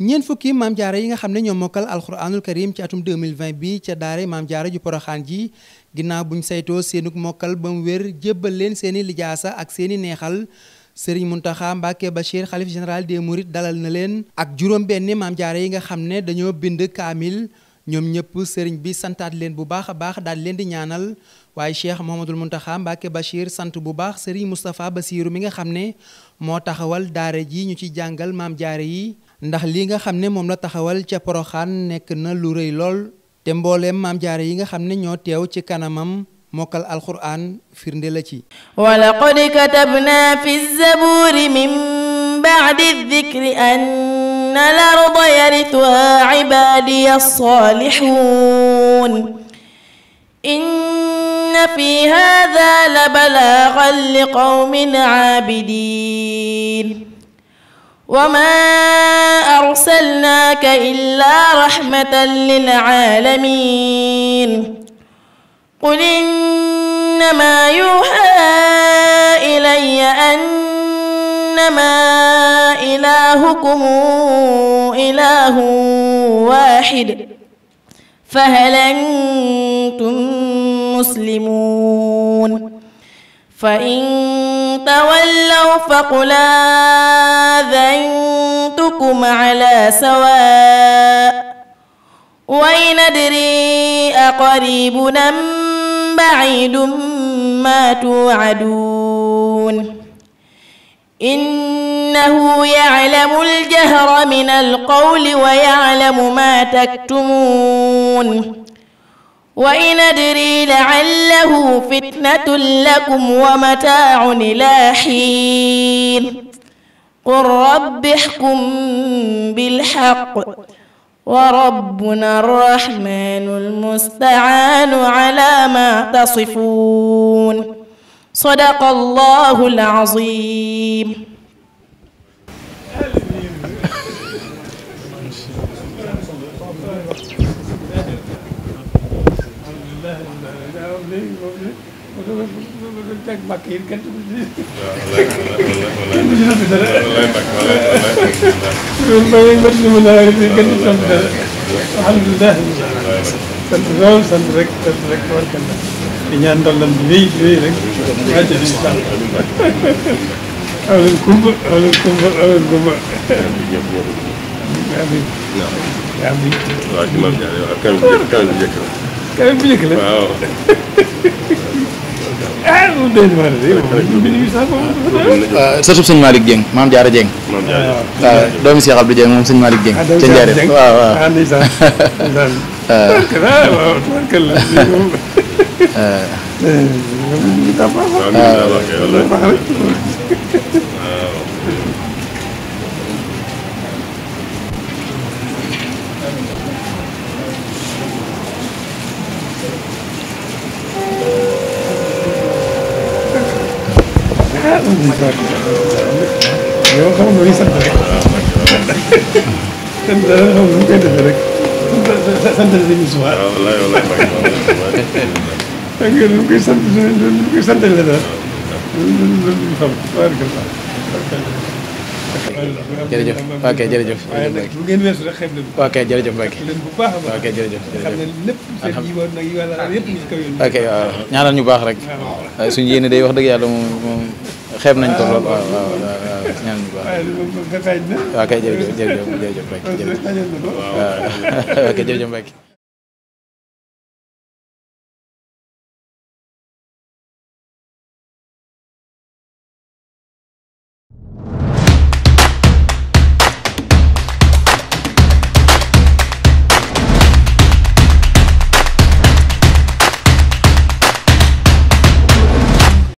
ñeen fukki maam jaara yi nga xam ne ñoo mokkal alxuraanul karim ci atum 2020 bi ca daare maam jaara ju poroxaan ji ginnaaw buñ saytoo seenug mokkal ba mu wér jébbal leen seeni lijaasa ak seeni neexal sëriñ Muntaxa Mbàkke Bachir xalif général de mourides dalal na leen ak juróom benni maam jaara yi nga xam ne dañoo bind kaamil ñoom ñëpp sëriñ bi santaat leen bu baax a baax daal leen di ñaanal waaye cheikh Mouhamadul Mountakha Mbacké Bachir sant bu baax sëriñ Moustapha Bassirou mi nga xam ne moo taxawal daara ji ñu ci jàngal maam jaare yi ndax li nga xam ne moom la taxawal ca poroxaan nekk na lu réy lool te mbooleem maam jaare yi nga xam ne ñoo teew ci kanamam mokkal alxuraan firnde la ci wa laqad katabna fi zabuuri min ba'di dikri anna al-arda yarithuha ibaadiya as-saalihun inna fi haadha la balaagan li qawmin aabidiin wa maa arsalnaaka illaa rahmatan lil aalamiin qul innamaa yuuhaa ilayya annamaa ilaahukum ilaahun waahid fahal antum muslimuun fa in تولوا فقل آذنتكم على سواء وإن أدري أقريب أم بعيد ما توعدون إنه يعلم الجهر من القول ويعلم ما تكتمون وإن أدري لعله فتنة لكم ومتاع إلى حين قل رب احكم بالحق وربنا الرحمن المستعان على ما تصفون صدق الله العظيم de moom de moom de ak màkk yi kenn du ci. sant lool sant rek sant rek tabarkalla di ñaan ndollam bi wéy wéy rek rajo bi sant awlen kumba awlen kumba awlen kumba amiin amiin kaay bu njëkk la waaw. ah maam eh, Diarra Dieng. maam Diarra waaw doomu Cheikh Abdou Dieng moom sëñ Malick ah yow xam nga li sant rek sant la xam nga bu koy defee rek sant la dañuy suba. waaw walaay walaay Mbaye moom koy sant lu koy sant la daal loolu loolu ñu xam jërëjëf ok jërëjëf. waaye nag bu ngeen weesu rek xeeb leen. ok jërëjëf Mbacke. leen bu baax a baax ok jërëjëf. xam ne lépp seen yi woon nag yi wala yëpp ñu ngi si kaw yoon. ok waaw ñaanal ñu baax rek. suñu yéene day wax dëgg yàlla moom moom. xeeb nañ ko lool waaw waaw waaw ñaan bu baax waaw kay jërëjëf jërëjëf jërëjëf Mbacke jërëjëf waaw kay jërëjëf Mbacke